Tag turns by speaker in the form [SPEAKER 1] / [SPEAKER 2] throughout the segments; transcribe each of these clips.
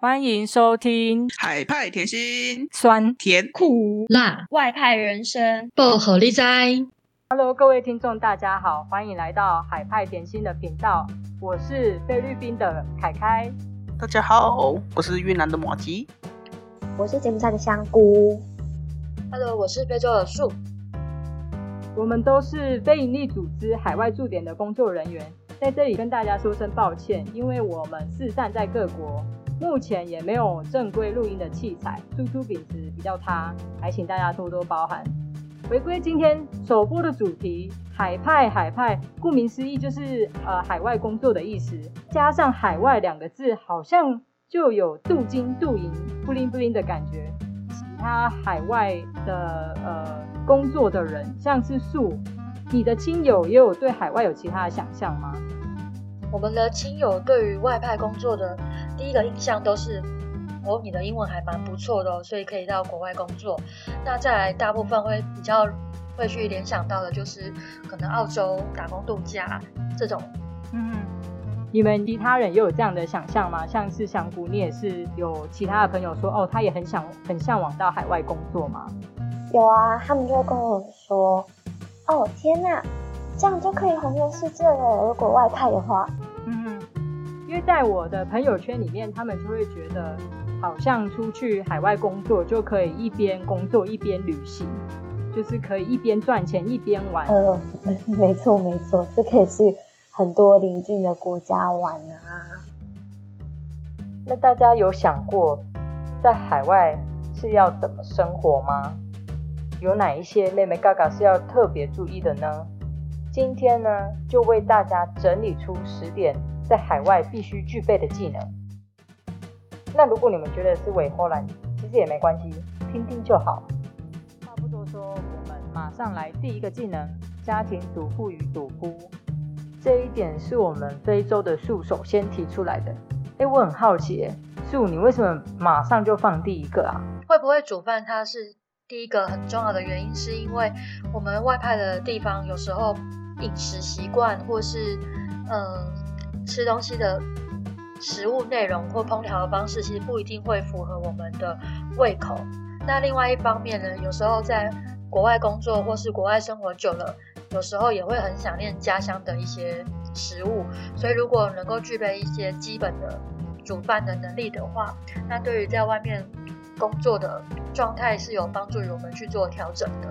[SPEAKER 1] 歡迎收聽《海派甜心》酸，酸甜苦辣，外派人生，薄荷利哉。Hello，各位聽眾，大家好，歡迎來到《海派甜心》的頻道。我是菲律賓的凱凱。
[SPEAKER 2] 大家好，我是越南的馬吉。
[SPEAKER 1] 我是柬埔寨的香菇。Hello，我是非洲的樹。我們都是非營利組織海外駐點的工作人員，在這裡跟大家說聲抱歉，因為我們是站在各國。目前也沒有正規錄音的器材，輸出品質比較差，還請大家多多包涵。回歸今天首播的主題，海派海派，顧名思義就是呃海外工作的意思，加上海外兩個字，好像就有鍍金鍍銀、布靈布靈的感覺。其他海外的呃工作的人，像是樹，你的親友也有對海外有其他的想象嗎？
[SPEAKER 3] 我們的親友對於外派工作的第一個印象都是，哦，你的英文還蠻不錯的哦，所以可以到國外工作。那再來大部分會比較會去聯想到的，就是可能澳洲打工度假
[SPEAKER 4] 這種。嗯，
[SPEAKER 1] 你們其他人也有這樣的想象嗎？像是香菇，你也是有其他的朋友說，哦，他也很想很向往到海外工作嗎？
[SPEAKER 4] 有啊，他們就會跟我說，哦，天哪！這樣就可以環遊世界
[SPEAKER 1] 了。如果外派的話，嗯，因為在我的朋友圈裡面，他們就會覺得好像出去海外工作就可以一邊工作一邊旅行，就是可以一邊賺錢一邊玩。嗯、
[SPEAKER 3] 呃，沒錯沒錯，這可以去很多鄰近的國家玩啊。
[SPEAKER 1] 那大家有想過在海外是要怎麼生活嗎？有哪一些眉眉角角是要特別注意的呢？今天呢，就為大家整理出十點在海外必須具備的技能。那如果你們覺得是偽貨呢，其實也沒關係，聽聽就好。話不多說，我們馬上來第一個技能：家庭主婦與主夫。這一點是我們非洲的樹首先提出來的。哎、欸，我很好奇，樹你為什麼馬上就放第一個啊？
[SPEAKER 3] 會不會煮飯它是？第一個很重要的原因，是因為我們外派的地方有時候飲食習慣，或是嗯、呃、吃東西的食物內容或烹調的方式，其實不一定會符合我們的胃口。那另外一方面呢，有時候在國外工作或是國外生活久了，有時候也會很想念家鄉的一些食物。所以如果能夠具備一些基本的煮飯的能力的話，那對於在外面工作的狀態是有幫助於我們去做調整的。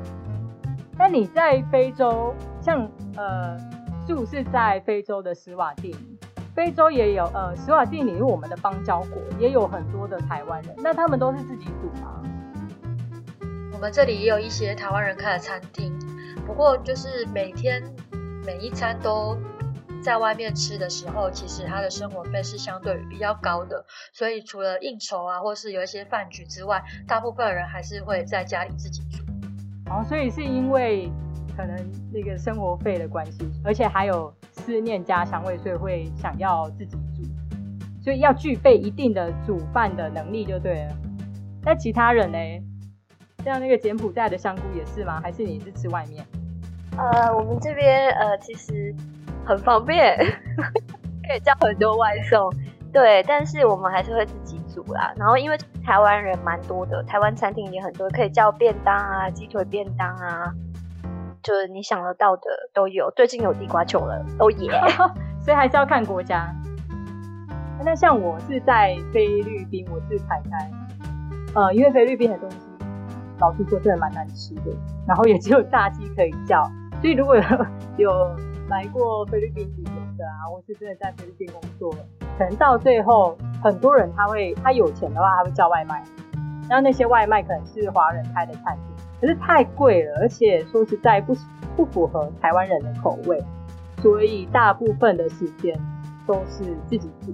[SPEAKER 1] 那你在非洲，像呃，住是在非洲的史瓦帝尼，非洲也有呃，史瓦帝尼是我們的邦交國，也有很多的台灣人。那他們都是自己煮嗎？我們這裡也有一些
[SPEAKER 3] 台灣人開的餐廳，不過就是每天每一餐都。在外面吃的時候，其實他的生活費是相對比較高的，所以除了應酬啊，或是有一些飯局之外，大部分人還是會在家裡自己煮。
[SPEAKER 1] 哦，所以是因為可能那個生活費的關係，而且還有思念家鄉味，所以會想要自己煮。所以要具備一定的煮飯的能力就對了。那其他人呢？像那個柬埔寨的香菇也是嗎？還是你是吃外面？
[SPEAKER 4] 呃，我們這邊呃，其實。很方便，可以叫很多外送。對，但是我們還是會自己煮啦。然後因為台灣人蠻多的，台灣餐廳也很多，可以叫便當啊、雞腿便
[SPEAKER 1] 當啊，就是你想得到的都有。最近有地瓜球了，都、oh、也、yeah， 所以還是要看國家。那像我是在菲律賓，我是排開呃，因為菲律賓的東西老實說真的蠻難吃的，然後也只有炸雞可以叫，所以如果有。有來過菲律賓旅遊的啊，我是真的在菲律賓工作了，可能到最後很多人他會，他有錢的話他會叫外賣，然後那些外賣可能是華人開的餐廳，可是太貴了，而且說實在不不符合台灣人的口味，所以大部分的時間都是自己煮，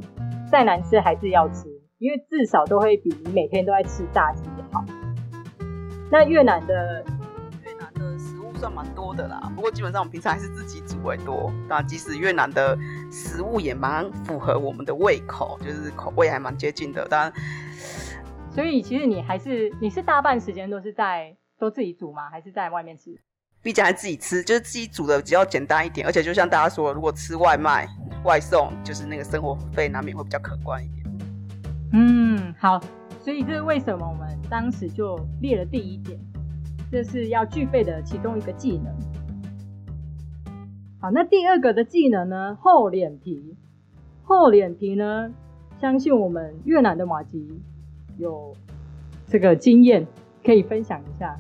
[SPEAKER 1] 再難吃還是要吃，因為至少都會比你每天都在吃炸雞好。那越南的。
[SPEAKER 2] 算蠻多的啦，不過基本上我們平常還是自己煮為多。那即使越南的食物也蠻符合我們的胃口，就是口味還蠻接近的。當
[SPEAKER 1] 然，所以其實你還是你是大半時間都是在都自己煮嗎？還是在外面吃？
[SPEAKER 2] 畢竟還自己吃就是自己煮的，比較簡單一點。而且就像大家說，如果吃外賣外送，就是那個生活費難免會比較可觀一點。嗯，
[SPEAKER 1] 好，所以這是為什麼我們當時就列了第一點。這是要具備的其中一個技能。好，那第二個的技能呢？厚臉皮。厚臉皮呢？相信我們越南的麻吉有這個經驗，可以分享一下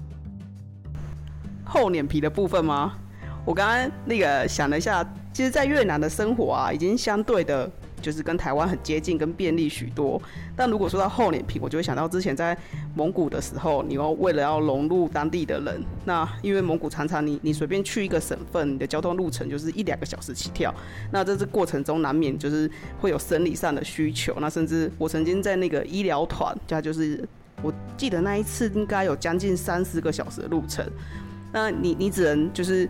[SPEAKER 2] 厚臉皮的部分嗎？我剛剛那個想了一下，其實，在越南的生活啊，已經相對的。就是跟台灣很接近，跟便利許多。但如果說到厚臉皮，我就會想到之前在蒙古的時候，你要為了要融入當地的人，那因為蒙古常常你你隨便去一個省份，你的交通路程就是一兩個小時起跳。那在這過程中難免就是會有生理上的需求。那甚至我曾經在那個醫療團，加就是我記得那一次應該有將近三十個小時的路程。那你你只能就是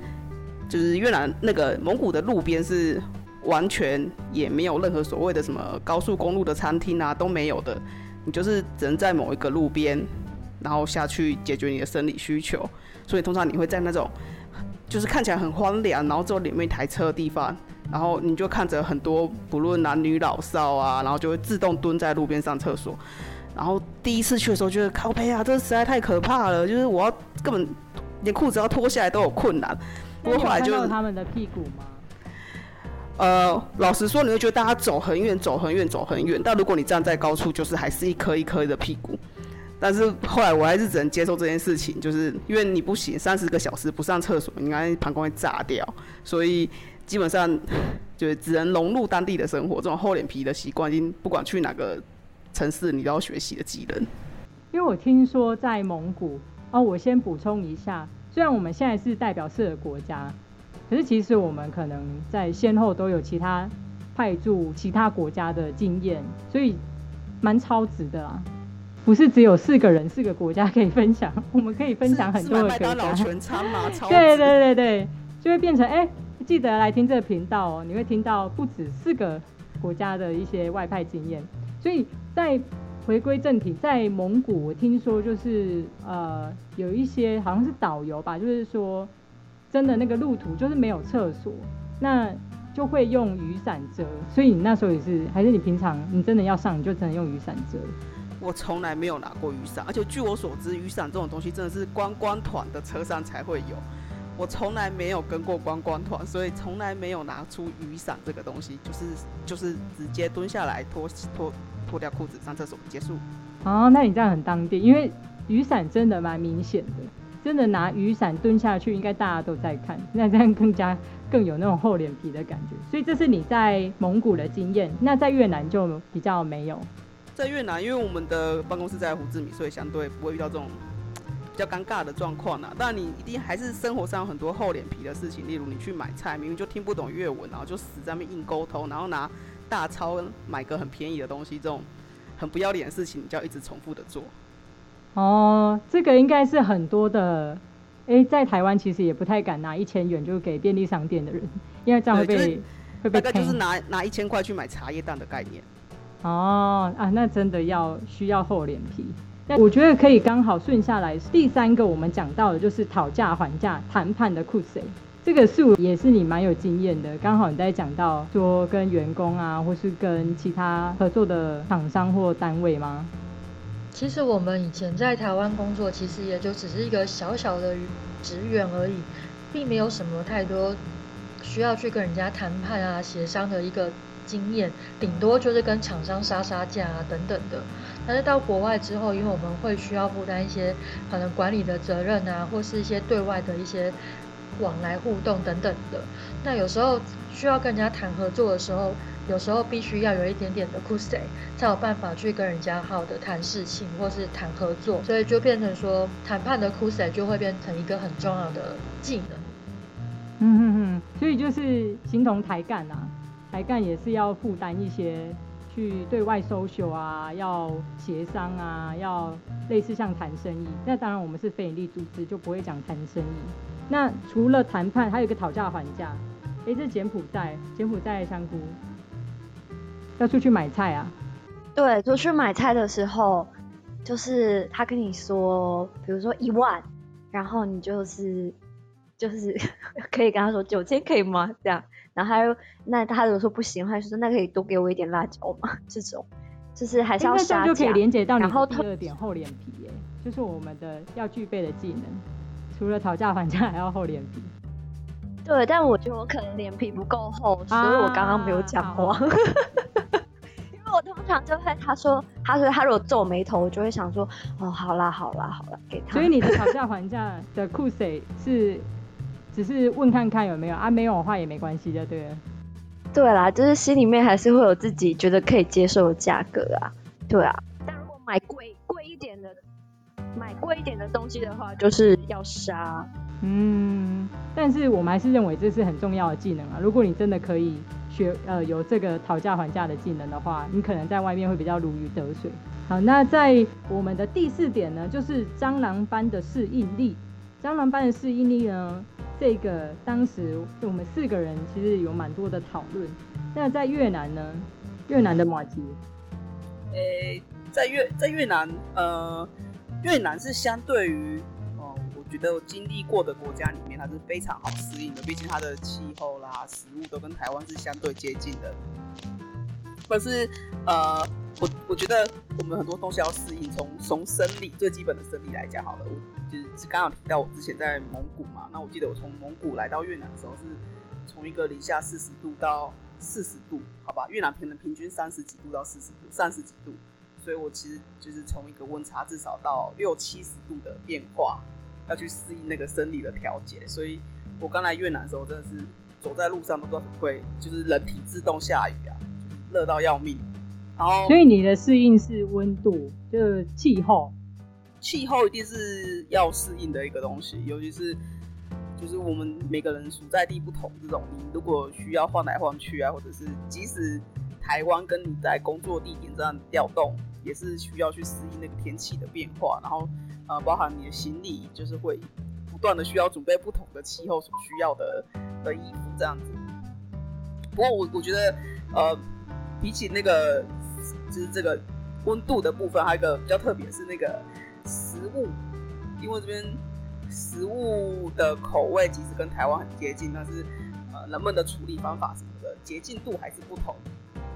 [SPEAKER 2] 就是越南那個蒙古的路邊是。完全也沒有任何所謂的什麼高速公路的餐廳啊，都沒有的。你就是只能在某一個路邊，然後下去解決你的生理需求。所以通常你會在那種，就是看起來很荒涼，然後只有裡面一台車的地方，然後你就看着很多不論男女老少啊，然後就會自動蹲在路邊上廁所。然後第一次去的時候覺得靠北啊，這實在太可怕了，就是我要根本連褲子要脫下來都有困難。看到他
[SPEAKER 1] 們的屁股嘛。
[SPEAKER 2] 呃，老實說，你會覺得大家走很遠，走很遠，走很遠。但如果你站在高處，就是還是一顆一顆的屁股。但是後來我還是只能接受這件事情，就是因為你不行，三十個小時不上廁所，你看膀胱會炸掉。所以基本上就只能融入當地的生活。這種厚臉皮的習慣，已經不管去哪個城市，你都要學習的技能。
[SPEAKER 1] 因為我聽說在蒙古，哦，我先補充一下，雖然我們現在是代表社的國家。可是其實我們可能在先後都有其他派駐其他國家的經驗，所以蠻超值的啦。不是只有四個人，四個國家可以分享，我們可以分享很多的國家。是麥當勞全餐啊，超值。對對對對，就會變成哎，欸，記得來聽這個頻道哦，喔，你會聽到不止四個國家的一些外派經驗。所以在回歸正題，在蒙古我聽說就是呃有一些好像是導遊吧，就是說。真的那個路途就是沒有廁所，那就會用雨傘遮，所以你那時候也是，還是你平常你真的要上，你就只能用雨傘遮。
[SPEAKER 2] 我從來沒有拿過雨傘，而且據我所知，雨傘這種東西真的是觀光團的車上才會有。我從來沒有跟過觀光團，所以從來沒有拿出雨傘這個東西，就是就是直接蹲下來脫脫脫掉褲子上廁所結束。
[SPEAKER 1] 哦，那你這樣很當地，因為雨傘真的蠻明顯的。真的拿雨傘蹲下去，應該大家都在看，那這樣更加更有那種厚臉皮的感覺。所以這是你在蒙古的經驗，那在越南就比較沒有。
[SPEAKER 2] 在越南，因為我們的辦公室在胡志明，所以相對不會遇到這種比較尷尬的狀況啊。當然，你一定還是生活上有很多厚臉皮的事情，例如你去買菜，明明就聽不懂越文，然後就死在那邊硬溝通，然後拿大鈔買個很便宜的東西，這種很不要臉的事情，你就要一直重複的做。
[SPEAKER 1] 哦，這個應該是很多的，哎、欸，在台灣其實也不太敢拿一千元就給便利商店的人，因為這樣會被，
[SPEAKER 2] 大概就是拿拿一千塊去買茶葉蛋的概念。
[SPEAKER 1] 哦啊，那真的要需要厚臉皮。但我覺得可以剛好順下來，第三個我們講到的就是討價還價談判的庫誰，這個數也是你蠻有經驗的，剛好你在講到說跟員工啊，或是跟其他合作的廠商或單位嗎？
[SPEAKER 3] 其實我們以前在台灣工作，其實也就只是一個小小的職員而已，並沒有什麼太多需要去跟人家談判啊、協商的一個經驗，頂多就是跟廠商殺殺價啊等等的。但是到國外之後，因為我們會需要負擔一些可能管理的責任啊，或是一些對外的一些往來互動等等的，那有時候需要跟人家談合作的時候。有時候必須要有一點點的酷帥，才有辦法去跟人家好的談事情，或是談合作，所以就變成說談判的酷帥就會變成一個很重要的技能。嗯哼
[SPEAKER 1] 哼，所以就是形同台幹啊。台幹也是要負擔一些去對外 social 啊，要協商啊，要類似像談生意。那當然我們是非營利組織，就不會講談生意。那除了談判，還有一個討價還價。哎、欸，這柬埔寨柬埔寨的香菇。要出去買菜啊？對，出去買菜的時
[SPEAKER 4] 候，就是他跟你說，比如說一萬，然後你就是就是可以跟他說九千可以嗎？這樣，然後他又那他如果說不行，他就說那可以多給我一點辣椒嗎？這種就是還是要想，價、欸。這樣就可以連接到你的第二點後
[SPEAKER 1] 臉、欸：厚臉皮。耶，就是我們的要具備的技能，除了討價還價，還要厚臉皮。
[SPEAKER 4] 對，但我覺得我可能臉皮不夠厚，所以我剛剛
[SPEAKER 1] 沒有講過。啊、
[SPEAKER 4] 因為我通常就會他說，他說他如果皺
[SPEAKER 1] 眉頭，我就會想說，哦，好啦，好啦，好啦，給他。所以你的討價還價的酷水是，只是問看看有沒有啊，沒有的話也沒關係的，對不
[SPEAKER 4] 對？對啦，就是心裡面還是會有自己覺得可以接受的價格啊，對啊。但如果買貴貴一點的，買貴一點的東西的話，就是要殺。
[SPEAKER 1] 嗯，但是我們還是認為這是很重要的技能啊。如果你真的可以學呃，有這個討價還價的技能的話，你可能在外面會比較如魚得水。好，那在我們的第四點呢，就是蟑螂般的適應力。蟑螂般的適應力呢，這個當時我們四個人其實有蠻多的討論。那在越南呢？越南的馬吉呃、欸，
[SPEAKER 2] 在越在越南，呃，越南是相對於。我覺得我經歷過的國家裡面，它是非常好適應的。畢竟它的氣候啦、食物都跟台灣是相對接近的。但是，呃，我我覺得我們很多東西要適應。從從生理最基本的生理來講，好了，我就是剛好提到我之前在蒙古嘛。那我記得我從蒙古來到越南的時候，是從一個零下四十度到四十度，好吧？越南可能平均三十幾度到四十度，三十幾度，所以我其實就是從一個溫差至少到六七十度的變化。要去適應那個生理的調節，所以我剛來越南的時候，真的是走在路上都不知道會就是人體自動下雨啊，熱到要命。然後，所以
[SPEAKER 1] 你的適應是溫度，就是氣候，
[SPEAKER 2] 氣候一定是要適應的一個東西，尤其是就是我們每個人所在地不同，這種你如果需要換來換去啊，或者是即使台灣跟你在工作地點這樣的調動，也是需要去適應那個天氣的變化，然後。呃，包含你的行李，就是會不斷的需要準備不同的氣候所需要的的衣服這樣子。不過我我覺得，呃，比起那個就是這個溫度的部分，還有一個比較特別是那個食物，因為這邊食物的口味其實跟台灣很接近，但是呃人們的處理方法什麼的潔淨度還是不同。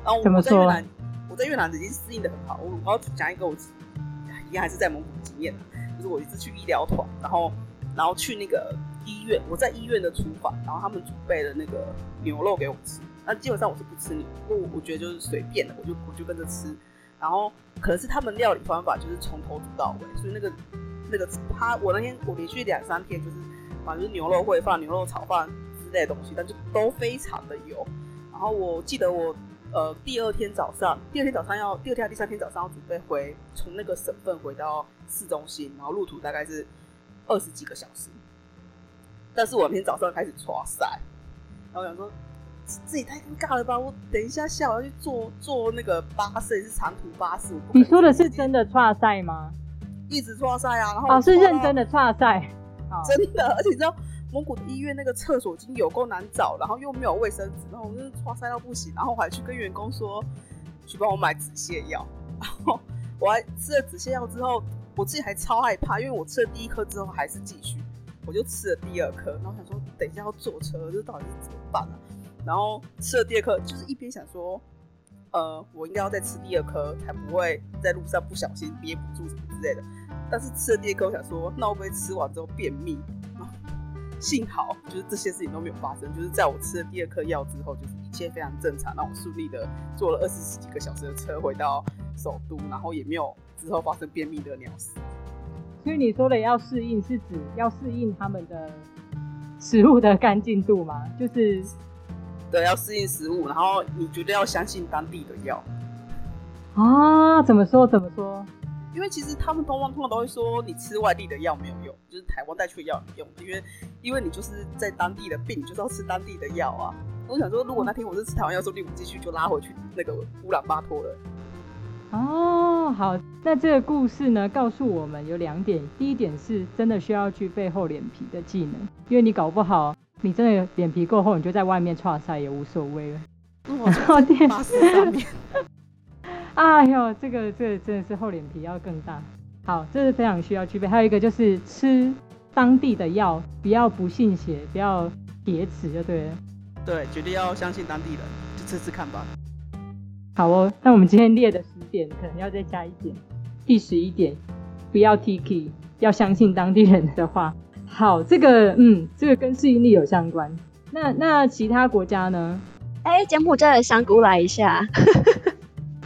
[SPEAKER 2] 然後我在越南，啊、我在越南已經適應的很好。我我要講一個，我應該還是在蒙古的經驗。我一次去醫療團，然後，然後去那個醫院，我在醫院的廚房，然後他們準備了那個牛肉給我吃。那基本上我是不吃牛，不過我覺得就是隨便的，我就我就跟着吃。然後可能是他們料理方法就是從頭煮到尾，所以那個那個他我那天我連續兩三天就是反正就是牛肉燴飯、放牛肉炒飯之類的東西，但就都非常的油。然後我記得我。呃，第二天早上，第二天早上要第二天、第三天早上要準備回從那個省份，回到市中心，然後路途大概是二十幾個小時。但是我明天早上開始剉賽，然後我想說自己太尷尬了吧，我等一下下午要去坐坐那個巴士，是長途巴士。你說的是真
[SPEAKER 1] 的剉賽嗎？
[SPEAKER 2] 一直剉賽啊，然後然、啊、是認真
[SPEAKER 1] 的剉賽，
[SPEAKER 2] 真的，好而且之後蒙古的醫院那個廁所已經有夠難找，然後又沒有衛生紙，然後我就是塞到不行，然後我還去跟員工說去幫我買止瀉藥，然後我還吃了止瀉藥之後，我自己還超害怕，因為我吃了第一顆之後還是繼續，我就吃了第二顆，然後想說等一下要坐車，這到底是怎麼辦啊？然後吃了第二顆，就是一邊想說，呃，我應該要再吃第二顆才不會在路上不小心憋不住什麼之類的，但是吃了第二顆，我想說那我會不會吃完之後便秘？幸好就是這些事情都沒有發生，就是在我吃了第二顆藥之後，就是一切非常正常，讓我順利的坐了二十幾個小時的車回到首都，然後也沒有之後發生便秘的鳥事。
[SPEAKER 1] 所以你說的要適應，是指要適應他們的食物的乾淨度嗎？就是，
[SPEAKER 2] 對，要適應食物，然後你絕對要相信當地的藥。
[SPEAKER 1] 啊，哦，怎麼說怎麼
[SPEAKER 2] 說？因為其實他們通常、通常都會說，你吃外地的藥沒有用，就是台灣帶去的藥沒有用，因為，因為你就是在當地的病，你就是要吃當地的藥啊。我想說，如果那天我是吃台灣藥，說不定繼續就拉回去那個烏蘭巴托
[SPEAKER 1] 了。哦，好，那這個故事呢，告訴我們有兩點：第一點是真的需要具備厚臉皮的技能，因為你搞不好，你真的臉皮夠厚，你就在外面剉賽也無所謂了。好點。 哎呦，這個這個、真的是厚臉皮要更大。好，這是非常需要具備。還有一個就是吃當地的藥，不要不信邪，不要鐵齒，就對了。
[SPEAKER 2] 對，絕對要相信當地人，就吃吃看吧。
[SPEAKER 1] 好哦，那我們今天列
[SPEAKER 2] 的十點可能要再加一點。
[SPEAKER 1] 第十一點，不要鐵齒，要相信當地人的話。好，這個嗯，這個跟適應力有相關。那那其他國家呢？哎、欸，柬埔
[SPEAKER 4] 寨的香菇來一下。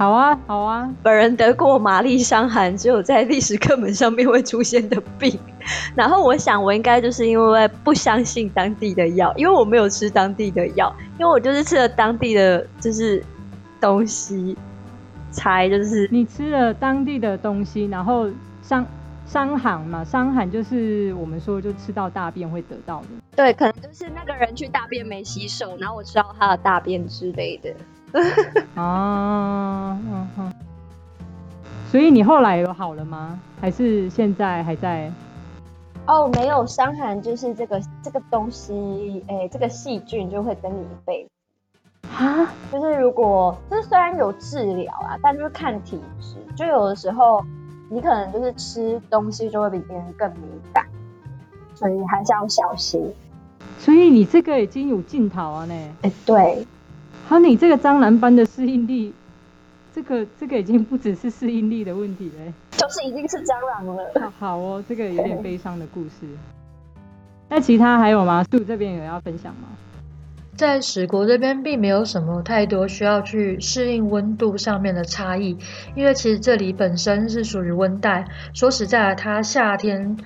[SPEAKER 4] 好啊，好啊，本人得過瑪麗傷寒，只有在歷史課本上面會出現的病。 然後我想，我應該就是因為不相信當地的藥，因為我沒有吃當地的藥，因為我就是吃了當地的
[SPEAKER 1] 就是東西才就是。你吃了當地的東西，然後傷傷寒嘛，傷寒就是我們說就吃到大便會得到的。對，可能
[SPEAKER 4] 就是那個人去大便沒洗手，然後我吃到他的大便之類的。
[SPEAKER 1] 啊，嗯、啊、哼、啊啊，所以你後來有好了嗎？還是現在還在？
[SPEAKER 4] 哦，沒有傷寒，就是這個這個東西，哎、欸，這個細菌就會跟你一輩子。啊蛤？就是如果就是雖然有治療啊，但就是看體質，就有的時候你可能就是吃東西就會比別人更敏感，所以
[SPEAKER 1] 還是要小心。所以你這個已經有盡頭啊，呢？哎，對。好、啊，你這個蟑螂般的適應力，這個這個已經不只是適應力的問題嘞，就是已經是蟑螂了、哦。好哦，這個有點悲傷的故事。
[SPEAKER 3] 那、
[SPEAKER 1] 嗯、其他還有嗎？杜這邊有要分享嗎？
[SPEAKER 3] 在史國這邊並沒有什麼太多需要去適應溫度上面的差異，因為其實這裡本身是屬於溫帶。說實在，它夏天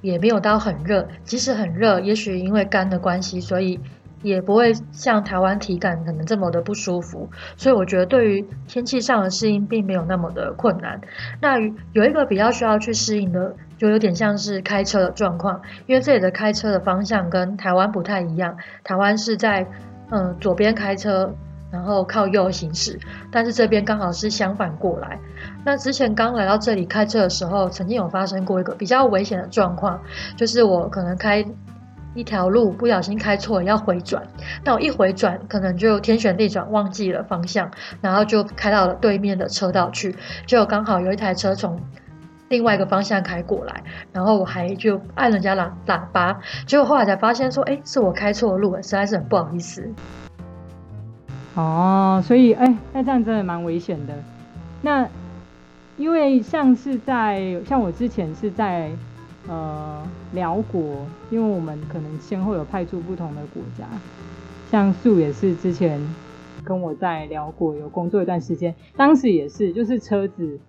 [SPEAKER 3] 也沒有到很熱，即使很熱，也許因為乾的關係，所以。也不會像台灣體感可能這麼的不舒服，所以我覺得對於天氣上的適應並沒有那麼的困難。那有一個比較需要去適應的，就有點像是開車的狀況，因為這裡的開車的方向跟台灣不太一樣。台灣是在嗯、呃、左邊開車，然後靠右行駛，但是這邊剛好是相反過來。那之前剛來到這裡開車的時候，曾經有發生過一個比較危險的狀況，就是我可能開。一條路不小心開錯了要回轉，但我一回轉可能就天旋地轉，忘記了方向，然後就開到了對面的車道去。結果剛好有一台車從另外一個方向開過來，然後我還就按人家喇喇叭，結果後來才發現說，哎、欸，是我開錯路了，實在是很不好意思。
[SPEAKER 1] 哦，所以哎、欸，那這樣真的蠻危險的。那因為像是在，像我之前是在。呃，寮國，因為我們可能先後有派出不同的國家，像素也是之前跟我在寮國有工作一段時間，當時也是，就是車子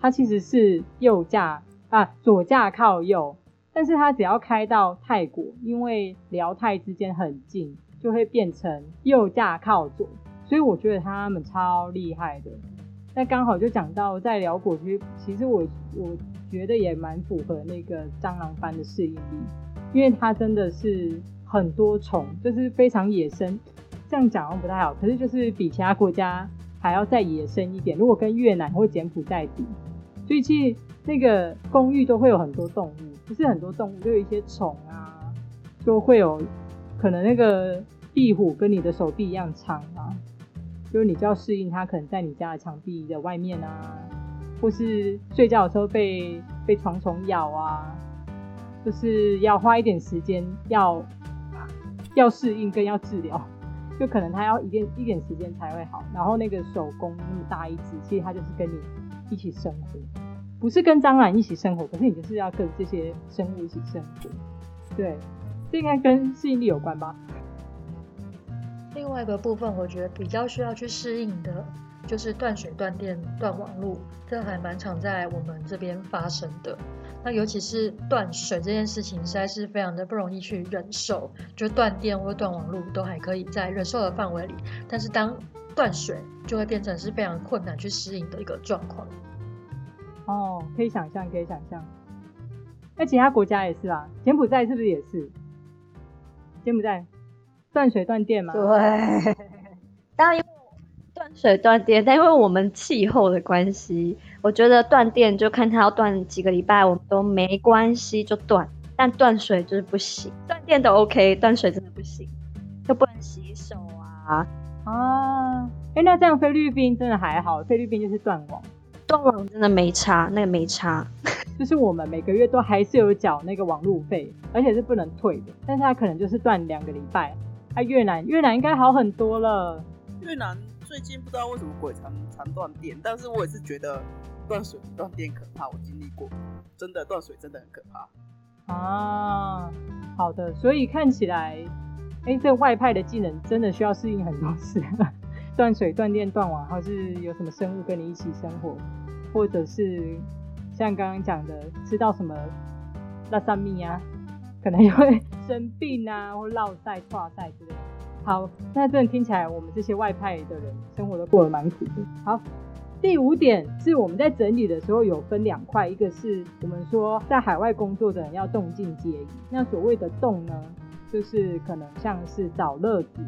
[SPEAKER 1] 它其實是右駕啊，左駕靠右，但是它只要開到泰國，因為寮泰之間很近，就會變成右駕靠左，所以我覺得他們超厲害的。那剛好就講到在寮國區，其實我我覺得也蠻符合那個蟑螂般的適應力，因為它真的是很多蟲，就是非常野生。這樣講不太好，可是就是比其他國家還要再野生一點。如果跟越南、或柬埔寨比，所以其實那個公寓都會有很多動物，不，就是很多動物，就有一些蟲啊，就會有可能那個壁虎跟你的手臂一樣長啊。就是你就要適應它，可能在你家的牆壁的外面啊，或是睡覺的時候被被床蟲咬啊，就是要花一點時間，要要適應跟要治療，就可能他要一點一點時間才會好。然後那個手工那麼大一隻，其實它就是跟你一起生活，不是跟蟑螂一起生活，可是你就是要跟這些生物一起生活。對，這應該跟適應力有關吧？
[SPEAKER 3] 另外一個部分，我覺得比較需要去適應的，就是斷水、斷電、斷網路，這還蠻常在我們這邊發生的。那尤其是斷水這件事情，實在是非常的不容易去忍受。就斷電或斷網路都還可以在忍受的範圍裡，但是當斷水就會變成是非常困難去適應的一個狀況。哦，
[SPEAKER 1] 可以想象，可以想象。那其他國家也是啦，啊，柬埔寨是不是也是？柬埔寨？斷水斷電嗎？對，當然因為
[SPEAKER 4] 斷水斷電，但因為我們氣候的關係，我覺得斷電就看它要斷幾個禮拜，我們都沒關係就斷，但斷水就是不行。斷電都 OK，斷水真的不行，就不能洗手啊
[SPEAKER 1] 啊！哎、欸，那這樣菲律賓真的還好，菲律賓就是斷網，斷網真的沒差，那個沒差，就是我們每個月都還是有繳那個網路費，而且是不能退的，但是它可能就是斷兩個禮拜。啊、越南，越南應該好很多了。
[SPEAKER 2] 越南最近不知道為什麼鬼常常斷電，但是我也是覺得斷水、斷電可怕，我經歷過，真的斷水真的很可怕。
[SPEAKER 1] 啊，好的，所以看起來，哎、欸，這外派的技能真的需要適應很多事，斷 水、斷電、斷網，或是有什麼生物跟你一起生活，或者是像剛剛講的，吃到什麼拉三米呀、啊。可能也會生病啊，或落賽、剉賽之類的。好，那這樣聽起來，我們這些外派的人生活都過得蠻苦的。苦的。好，第五點是我們在整理的時候有分兩塊，一個是我們說在海外工作的人要動靜皆宜。那所謂的動呢，就是可能像是找樂子，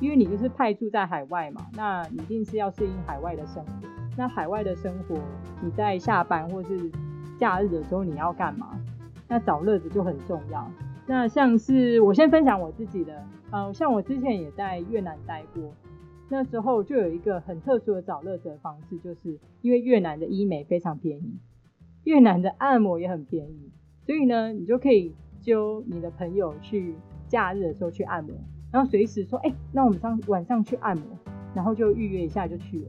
[SPEAKER 1] 因為你就是派駐在海外嘛，那一定是要適應海外的生活。那海外的生活，你在下班或是假日的時候，你要幹嘛？那找樂子就很重要。那像是我先分享我自己的，啊、呃、像我之前也在越南待過，那時候就有一個很特殊的找樂子的方式，就是因為越南的醫美非常便宜，越南的按摩也很便宜，所以呢，你就可以揪你的朋友去，假日的時候去按摩，然後隨時說，哎、欸，那我們上晚上去按摩，然後就預約一下就去了。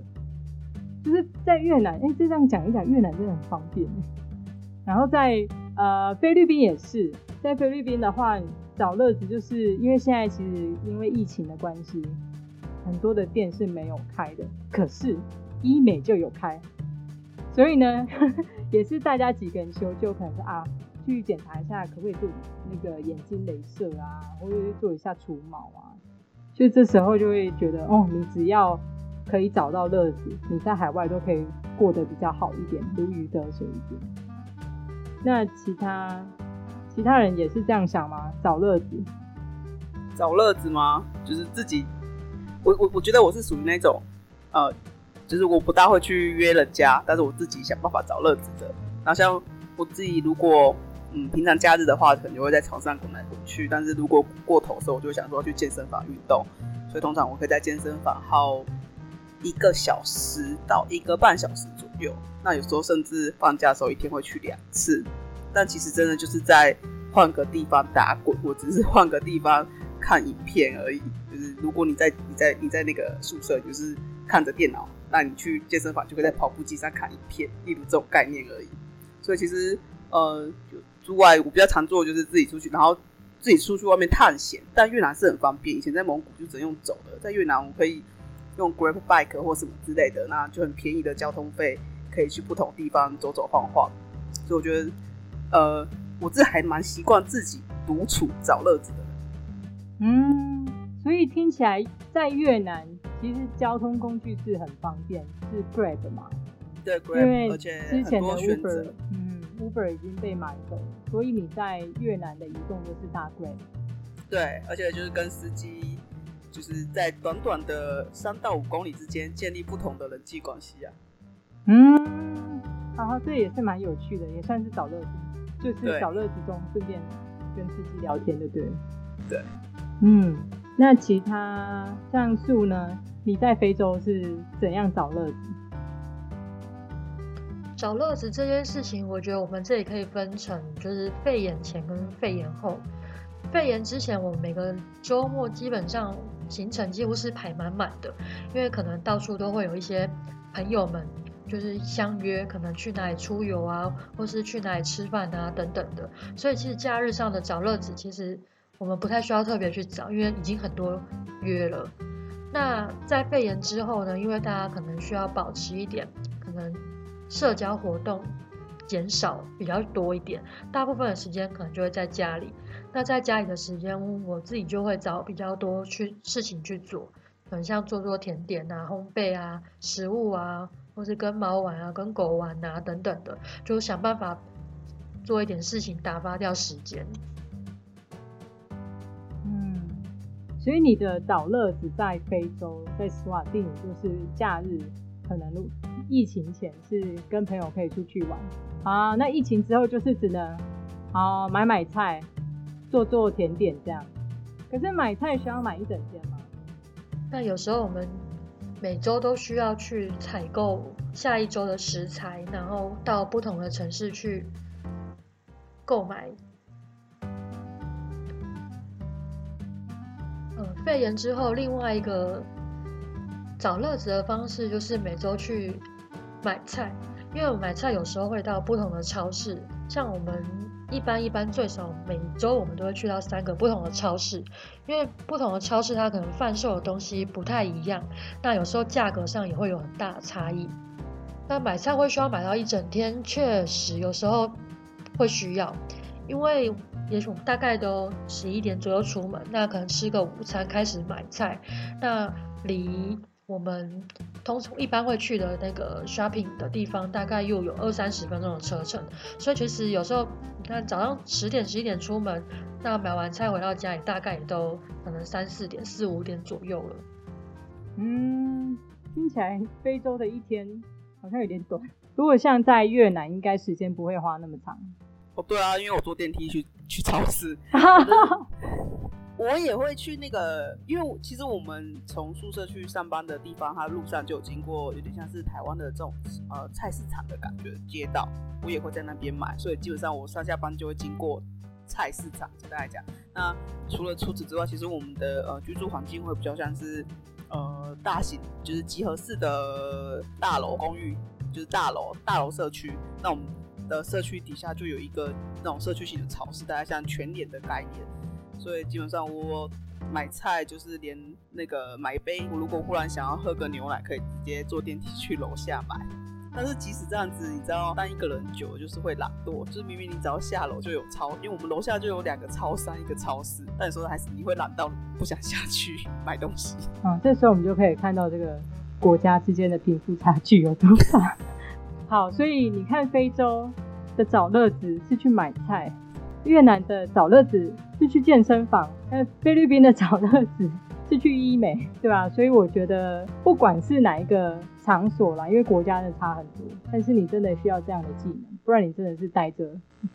[SPEAKER 1] 就是在越南，哎、欸，這樣講一講越南真的很方便，然後在。呃，菲律賓也是，在菲律賓的話，找樂子就是因為現在其實因為疫情的關係，很多的店是沒有開的，可是醫美就有開，所以呢，呵呵也是大家幾個人修就可能是啊，去檢查一下可不可以做那個眼睛雷射啊，或者是做一下除毛啊，就這時候就會覺得哦，你只要可以找到樂子，你在海外都可以過得比較好一點，如魚得水一點。那其他其他人也是這樣想嗎？
[SPEAKER 2] 找樂子，找樂子嗎？就是自己，我我我覺得我是屬於那種，呃，就是我不大會去約人家，但是我自己想辦法找樂子的。然後像我自己，如果嗯平常假日的話，可能就會在床上滾來滾去；但是如果過頭的時候，我就想說去健身房運動。所以通常我可以在健身房好一個小時到一個半小時左右，那有時候甚至放假的時候一天會去兩次，但其實真的就是在換個地方打滾，或只是換個地方看影片而已。就是如果你在你在你在那個宿舍，就是看着電腦，那你去健身房就會在跑步機上看影片，例如這種概念而已。所以其實呃，就駐外我比較常做的就是自己出去，然後自己出去外面探險。但越南是很方便，以前在蒙古就只能用走的，在越南我可以。用 Grab Bike 或什麼之類的，那就很便宜的交通費，可以去不同地方走走晃晃。所以我覺得，呃，我自己還蠻習慣自己獨處找樂子的。嗯，
[SPEAKER 1] 所以聽起來在越南，其實交通工具是很方便，是 Grab 嘛？對，Grab，而且之前
[SPEAKER 2] 的 Uber，嗯
[SPEAKER 1] ，Uber 已經被買走，所以你在越南的移動就是打 Grab。
[SPEAKER 2] 對，而且就是跟司機。就是在短短的三到五公里之間建立不同的人際關係
[SPEAKER 1] 啊。嗯，好、啊，這也是蠻有趣的，也算是找樂子，就是找樂子中順便對跟司機聊天，對不對？對。嗯，那其他像素呢？你在非洲是怎樣找樂子？
[SPEAKER 3] 找樂子這件事情，我覺得我們這裡可以分成，就是肺炎前跟肺炎後。肺炎之前，我們每個週末基本上。行程幾乎是排滿滿的，因為可能到處都會有一些朋友們就是相約，可能去哪裡出遊啊，或是去哪裡吃飯啊等等的。所以其實假日上的找樂子，其實我們不太需要特別去找，因為已經很多約了。那在肺炎之後呢？因為大家可能需要保持一點，可能社交活動減少比較多一點，大部分的時間可能就會在家裡。那在家裡的時間，我自己就會找比較多去事情去做，很像做做甜點啊、烘焙啊、食物啊，或是跟貓玩啊、跟狗玩啊等等的，就想辦法做一點事情打發掉時間。嗯，
[SPEAKER 1] 所以你的找樂子在非洲，在史瓦帝尼，就是假日可能疫情前是跟朋友可以出去玩啊，那疫情之後就是只能哦、啊、買買菜。做做甜點這樣，可是買菜需要買一整天嗎？那有時候我們
[SPEAKER 3] 每周都需要去採購下一周的食材，然後到不同的城市去購買。嗯、呃，肺炎之後，另外一個找樂子的方式就是每周去買菜，因為我買菜有時候會到不同的超市，像我們。一般一般，最少每周我們都會去到三個不同的超市，因為不同的超市它可能販售的東西不太一樣，那有時候價格上也會有很大的差異。那買菜會需要買到一整天，確實有時候會需要，因為也許我們大概都十一點左右出門，那可能吃個午餐開始買菜，那離。我們通常一般會去的那個 shopping 的地方，大概又有二三十分鐘的車程，所以其實有時候你看早上十點十一點出門，那買完菜回到家裡大概也都可能三四點四五點左右了。嗯，
[SPEAKER 1] 聽起來非洲的一天好像有點短。如果像在越南，應該時間不會花那麼長。
[SPEAKER 2] 哦，oh, 對啊，因為我坐電梯去去超市。 我也會去那個，因為其實我們從宿舍去上班的地方，它路上就有經過，有點像是台灣的這種呃菜市場的感覺街道。我也會在那邊買，所以基本上我上下班就會經過菜市場。跟大家講，那除了除此之外，其實我們的呃居住環境會比較像是呃大型就是集合式的大樓公寓，就是大樓大樓社區。那我們的社區底下就有一個那種社區型的超市，大概像全聯的概念。所以基本上我買菜就是連那個買杯，我如果忽然想要喝個牛奶，可以直接坐電梯去樓下買。但是即使這樣子，你知道當一個人久了就是會懶惰，就是明明你只要下樓就有超，因為我們樓下就有兩個超商，一個超市，但你說還是你會懶到不想下去買東西。嗯，
[SPEAKER 1] 這時候我們就可以看到這個國家之間的貧富差距有多少。
[SPEAKER 2] 好，所以你看非洲
[SPEAKER 1] 的找樂子是去買菜。越南的找樂子是去健身房，菲律賓的找樂子是去醫美，對吧？所以我覺得不管是哪一個場所啦，因為國家的差很多，但是你真的需要這樣的技能，不然你真的是待着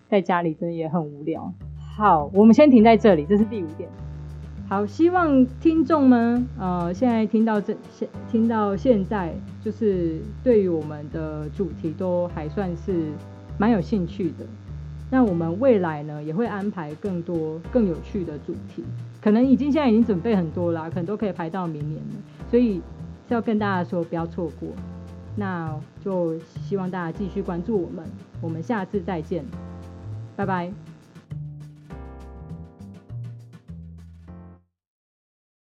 [SPEAKER 1] 在家裡，真的也很無聊。好，我們先停在這裡，這是第五點。好，希望聽眾們，呃，現在聽到這，現聽到現在，就是對於我們的主題都還算是蠻有興趣的。那我們未來呢，也會安排更多更有趣的主題，可能已經現在已經準備很多啦，可能都可以排到明年了，所以是要跟大家說不要錯過，那就希望大家繼續關注我們，我們下次再見，拜拜。